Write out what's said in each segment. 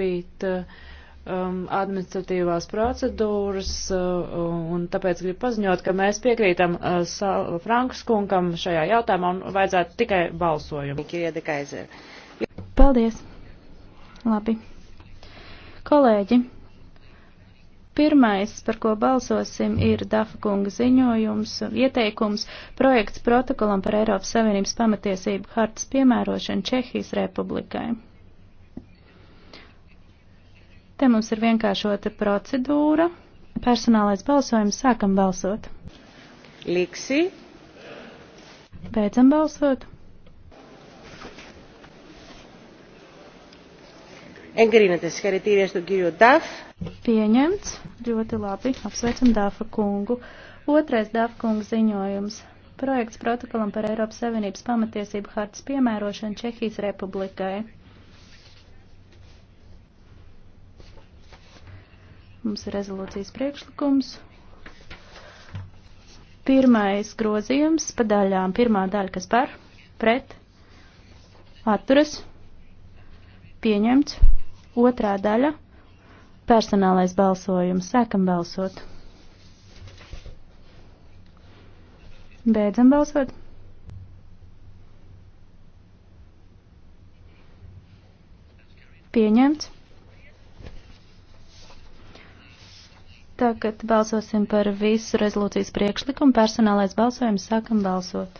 pīt uh, um, administratīvās procedūras, uh, un tāpēc gribu paziņot, ka mēs piekrītam uh, Frankus kungam šajā jautājumā un vajadzētu tikai balsojumu. Paldies! Labi. Kolēģi, pirmais, par ko balsosim, ir Dafa kunga ziņojums, ieteikums, projekts protokolam par Eiropas Savienības pamatiesību hartas piemērošanu Čehijas republikai. Te mums ir vienkāršota procedūra. Personālais balsojums sākam balsot. Liksi. Beidzam balsot. Εγκρίνεται. Συγχαρητήρια στον κύριο Νταφ. Pieņemts. Ļoti labi. Apsveicam Dāfa kungu. Otrais Dāfa kungu ziņojums. Projekts protokolam par Eiropas Savienības pamatiesību hartas piemērošanu Čehijas republikai. Mums ir rezolūcijas priekšlikums. Pirmais grozījums pa daļām. Pirmā daļa, kas par, pret, atturas, pieņemts. Otrā daļa - personālais balsojums. Sākam balsot. Beidzam balsot. Tagad balsosim par visu rezolūcijas priekšlikumu. Personālais balsojums sākam balsot.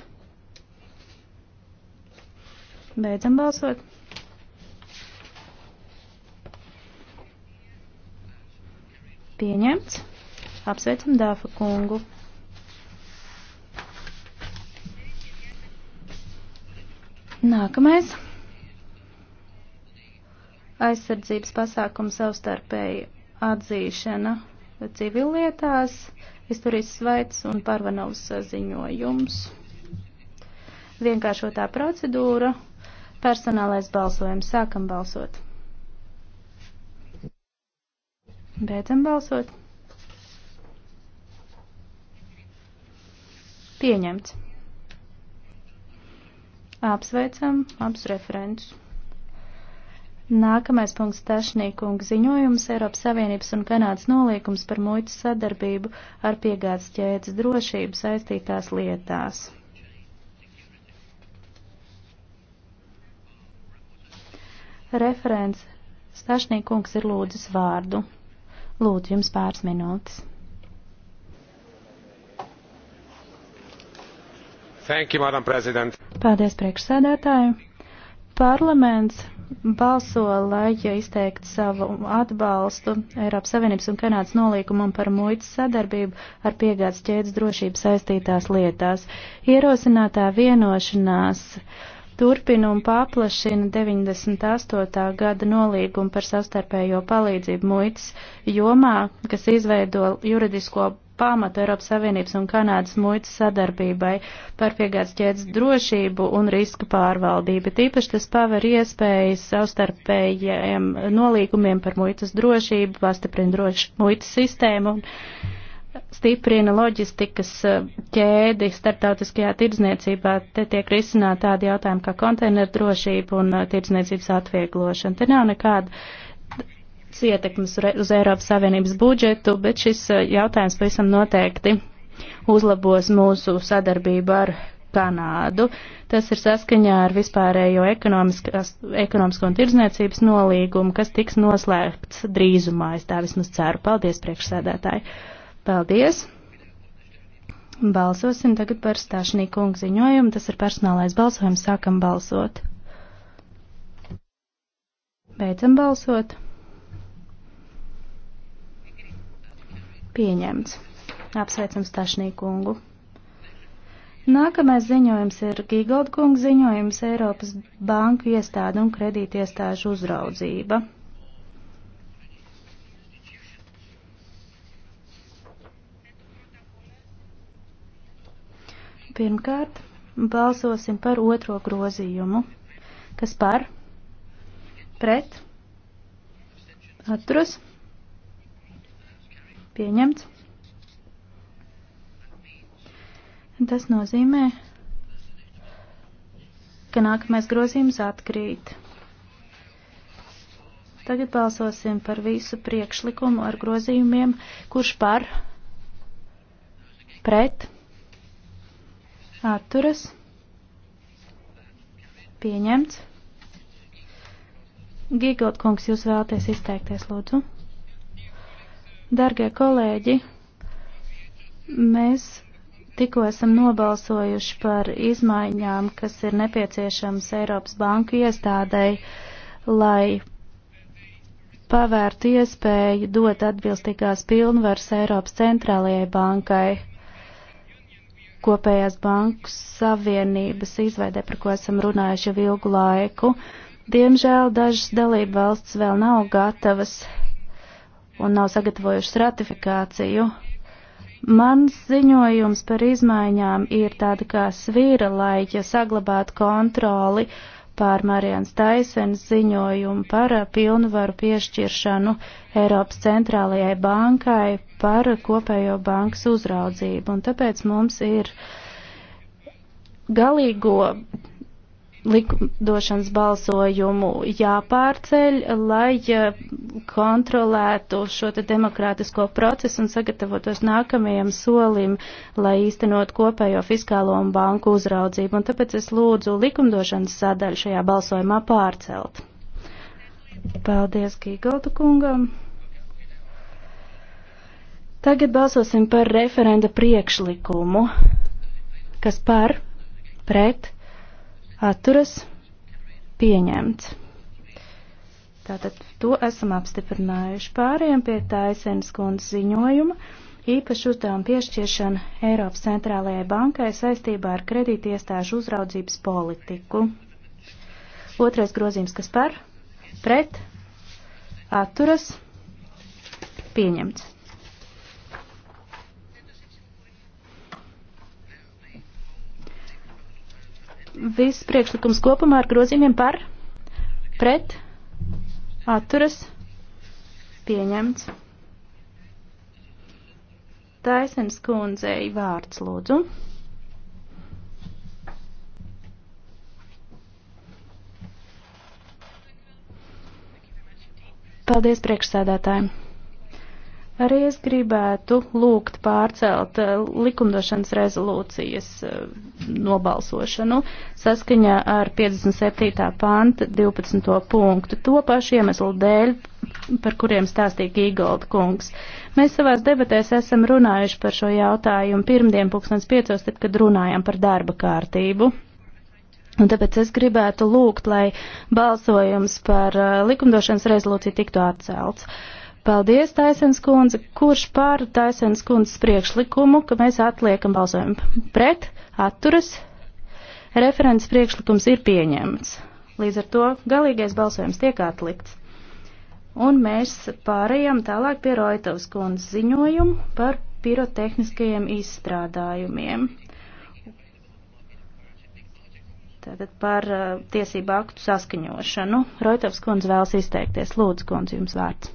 Beidzam balsot. Pieņemts. Apsveicam Dāfa kungu. Nākamais. Aizsardzības pasākums savstarpēji atzīšana civillietās, izturīs sveic un parvanovs ziņojums. Vienkāršotā procedūra, personālais balsojums, sākam balsot. Beidzam balsot. Pieņemts. Apsveicam abus referentus. Nākamais punkts Tašnīkunga ziņojums Eiropas Savienības un Kanādas nolīkums par muitas sadarbību ar piegādes ķēdes drošību saistītās lietās. Referents Stašnīkungs ir lūdzis vārdu. Lūdzu, jums pāris minūtes. Thank you, Madam President. Paldies priekšsēdētāju. Parlaments balso, lai ja izteikt savu atbalstu Eiropas Savienības un Kanādas nolīkumam par muitas sadarbību ar piegādes ķēdes drošību saistītās lietās. Ierosinātā vienošanās turpina un paplašina 98. gada nolīgumu par savstarpējo palīdzību muitas jomā, kas izveido juridisko pamatu Eiropas Savienības un Kanādas muitas sadarbībai par piegādes ķēdes drošību un riska pārvaldību. Tīpaši tas paver iespējas savstarpējiem nolīgumiem par muitas drošību, pastiprina drošu muitas sistēmu. Un, stiprina loģistikas eh, ķēdi starptautiskajā tirdzniecībā. Te tiek risināt tādi jautājumi kā konteineru drošība un eh, tirdzniecības atvieglošana. Te nav nekāda ietekmes uz Eiropas Savienības budžetu, bet šis eh, jautājums pavisam noteikti uzlabos mūsu sadarbību ar Kanādu. Tas ir saskaņā ar vispārējo ekonomisko un tirdzniecības nolīgumu, kas tiks noslēgts drīzumā. Es tā vismaz ceru. Paldies, priekšsēdētāji. Paldies. Balsosim tagad par stāšanī kungu ziņojumu. Tas ir personālais balsojums. Sākam balsot. Beidzam balsot. Pieņemts. Apsveicam Stašnīku kungu. Nākamais ziņojums ir Gigolda kunga ziņojums Eiropas banku iestādu un kredītiestāžu uzraudzība. Pirmkārt, balsosim par otro grozījumu. Kas par? Pret? Atturas? Pieņemts. Tas nozīmē, ka nākamais grozījums atkrīt. Tagad balsosim par visu priekšlikumu ar grozījumiem, kurš par, pret, atturas, pieņemts. Gīgot kungs, jūs vēlaties izteikties, lūdzu. Dargie kolēģi, mēs tikko esam nobalsojuši par izmaiņām, kas ir nepieciešams Eiropas banku iestādēji, lai pavērtu iespēju dot atbilstīgās pilnvaras Eiropas centrālajai bankai kopējās bankas savienības izveidē, par ko esam runājuši jau ilgu laiku. Diemžēl dažas dalība valsts vēl nav gatavas un nav sagatavojušas ratifikāciju. Mans ziņojums par izmaiņām ir tāda kā svīra, lai, ja saglabātu kontroli pār Marijans Taisens ziņojumu par pilnvaru piešķiršanu Eiropas centrālajai bankai par kopējo bankas uzraudzību. Un tāpēc mums ir galīgo likumdošanas balsojumu jāpārceļ, lai kontrolētu šo te demokrātisko procesu un sagatavotos nākamajam solim, lai īstenot kopējo fiskālo un banku uzraudzību. Un tāpēc es lūdzu likumdošanas sadaļu šajā balsojumā pārcelt. Paldies Gīgolda kungam. Tagad balsosim par referenda priekšlikumu, kas par, pret, atturas pieņemts. Tātad to esam apstiprinājuši pārējiem pie tā Esenas kundzes ziņojuma. Īpaši uzdevuma piešķiršana Eiropas centrālajai bankai saistībā ar kredītiestāžu uzraudzības politiku. Otrais grozījums, kas par, pret, atturas, pieņemts. viss priekšlikums kopumā ar grozījumiem par, pret, atturas, pieņemts. Taisens kundzei vārds lūdzu. Paldies priekšsēdētājiem! Arī es gribētu lūgt pārcelt eh, likumdošanas rezolūcijas eh, nobalsošanu saskaņā ar 57. panta 12. punktu. To pašu iemeslu dēļ, par kuriem stāstīja Gīgolda kungs. Mēs savās debatēs esam runājuši par šo jautājumu pirmdien 2005. tad, kad runājām par darba kārtību. Un tāpēc es gribētu lūgt, lai balsojums par eh, likumdošanas rezolūciju tiktu atcelts. Uh, Paldies, Taisens kundze. Kurš pār Taisens kundzes priekšlikumu, ka mēs atliekam balsojumu pret, atturas? Referents priekšlikums ir pieņemts. Līdz ar to galīgais balsojums tiek atlikts. Un mēs pārējām tālāk pie Roitovas kundzes ziņojumu par pirotehniskajiem izstrādājumiem. Tātad par uh, tiesību aktu saskaņošanu. Roitovs kundze vēlas izteikties. Lūdzu, kundze, jums vārds.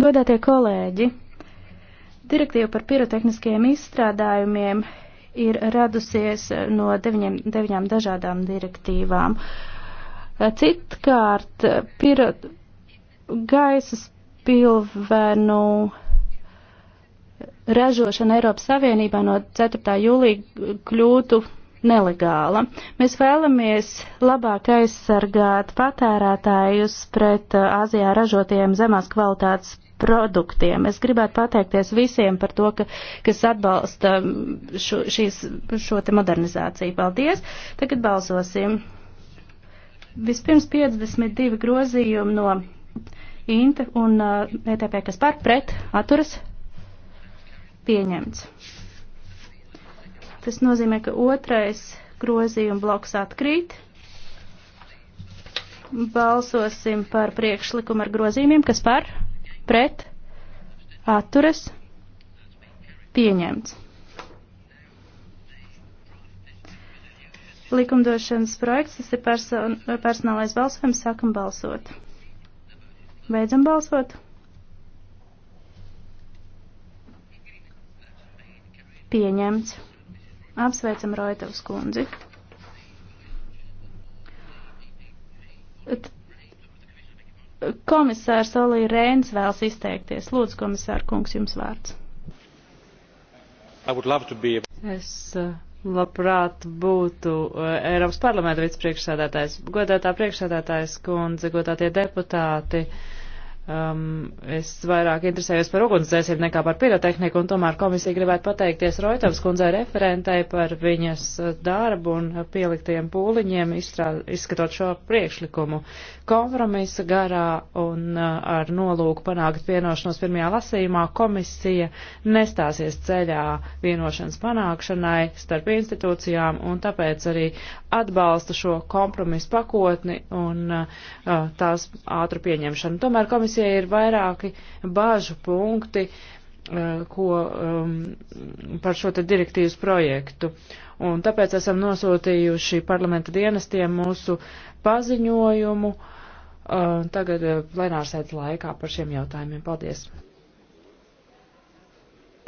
Godātie kolēģi, direktīva par pirotehniskajiem izstrādājumiem ir radusies no deviņiem, deviņām dažādām direktīvām. Citkārt, piro, gaisas pilvenu ražošana Eiropas Savienībā no 4. jūlija kļūtu nelegāla. Mēs vēlamies labāk aizsargāt patērētājus pret Āzijā ražotiem zemās kvalitātes produktiem. Es gribētu pateikties visiem par to, ka, kas atbalsta um, šo, šīs, šo te modernizāciju. Paldies! Tagad balsosim. Vispirms 52 grozījumi no Inta un uh, ETP, kas par pret atturas pieņemts. Tas nozīmē, ka otrais grozījuma bloks atkrīt. Balsosim par priekšlikumu ar grozījumiem, kas par pret atturas pieņemts. Likumdošanas projekts, tas ir person, personālais balsojums, sākam balsot. Beidzam balsot. Pieņemts. Apsveicam Roitovs kundzi. Komisārs Olī Rēns vēlas izteikties. Lūdzu, komisāra kungs, jums vārds. Be... Es uh, labprāt būtu uh, Eiropas parlamenta vicepriekšsēdētājs, godētā priekšsēdētājs kundze, godātie deputāti. Uh, um, es vairāk interesējos par ugunsdzēsību nekā par pirotehniku, un tomēr komisija gribētu pateikties Roitavas kundzei referentei par viņas darbu un pieliktiem pūliņiem, izstrā, izskatot šo priekšlikumu kompromisa garā un uh, ar nolūku panākt vienošanos pirmajā lasījumā. Komisija nestāsies ceļā vienošanas panākšanai starp institūcijām, un tāpēc arī atbalsta šo kompromisu pakotni un uh, tās ātru pieņemšanu. Tomēr komisija rezolūcijai ir vairāki bāžu punkti, eh, ko um, par šo te direktīvas projektu. Un tāpēc esam nosūtījuši parlamenta dienestiem mūsu paziņojumu uh, tagad eh, plenārsēdes laikā par šiem jautājumiem. Paldies!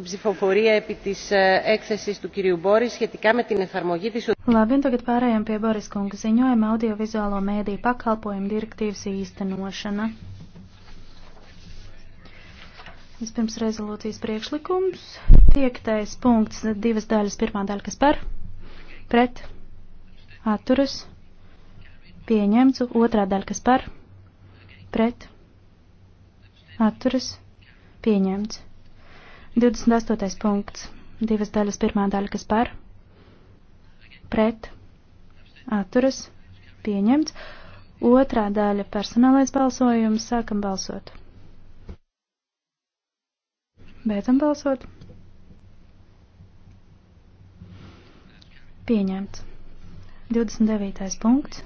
ψηφοφορία επί της έκθεσης του κυρίου Μπόρη σχετικά με την εφαρμογή της... Labi, un tagad pārējām pie Boris kunga ziņojuma audiovizuālo mēdīju pakalpojumu direktīvas īstenošana. Vispirms rezolūcijas priekšlikums. Piektais punkts, divas daļas. Pirmā daļa, kas par, pret, atturas, pieņemts. Otrā daļa, kas par, pret, atturas, pieņemts. 28. punkts, divas daļas. Pirmā daļa, kas par, pret, atturas, pieņemts. Otrā daļa personālais balsojums. Sākam balsot. Beidzam balsot. Pieņemts. 29. punkts.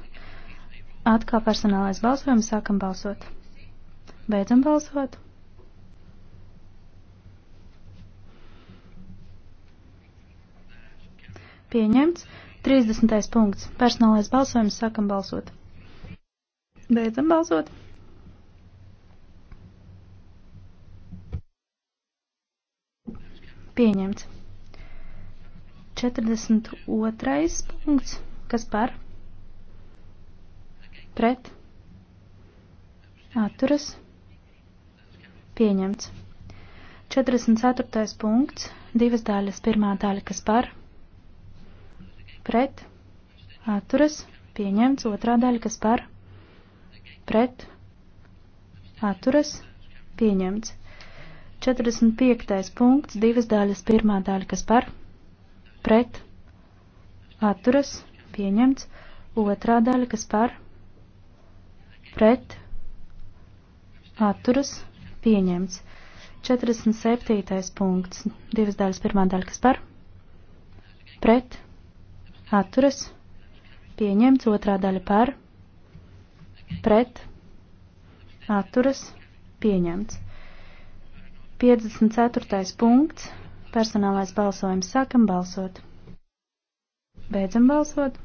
Atkal personālais balsojums. Sākam balsot. Beidzam balsot. Pieņemts. 30. punkts. Personālais balsojums. Sākam balsot. Beidzam balsot. pieņemts. 42. punkts, kas par, pret, atturas, pieņemts. 44. punkts, divas daļas, pirmā daļa, kas par, pret, atturas, pieņemts, otrā daļa, kas par, pret, atturas, pieņemts. 45. punkts, divas daļas, pirmā daļa, kas par, pret, atturas, pieņemts, otrā daļa, kas par, pret, atturas, pieņemts. 47. punkts, divas daļas, pirmā daļa, kas par, pret, atturas, pieņemts, otrā daļa par, pret, atturas, pieņemts. 54. punkts. Personālais balsojums. Sākam balsot. Beidzam balsot.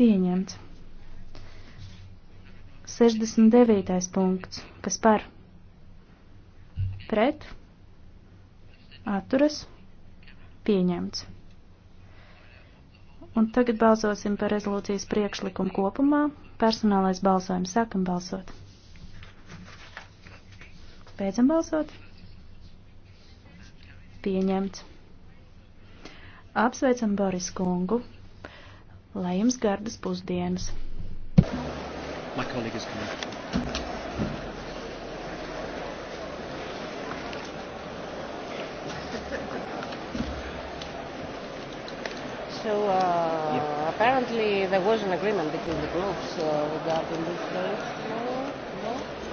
Pieņemts. 69. punkts. Kas par? Pret. Atturas. Pieņemts. Un tagad balsosim par rezolūcijas priekšlikumu kopumā. Personālais balsojums. Sākam balsot. Beidzam balsot. Pieņemts. Apsveicam Boris Kungu. Lai jums gardas pusdienas. My colleague is coming. So uh, yeah. apparently there was an agreement between the groups uh, regarding this date. No? No?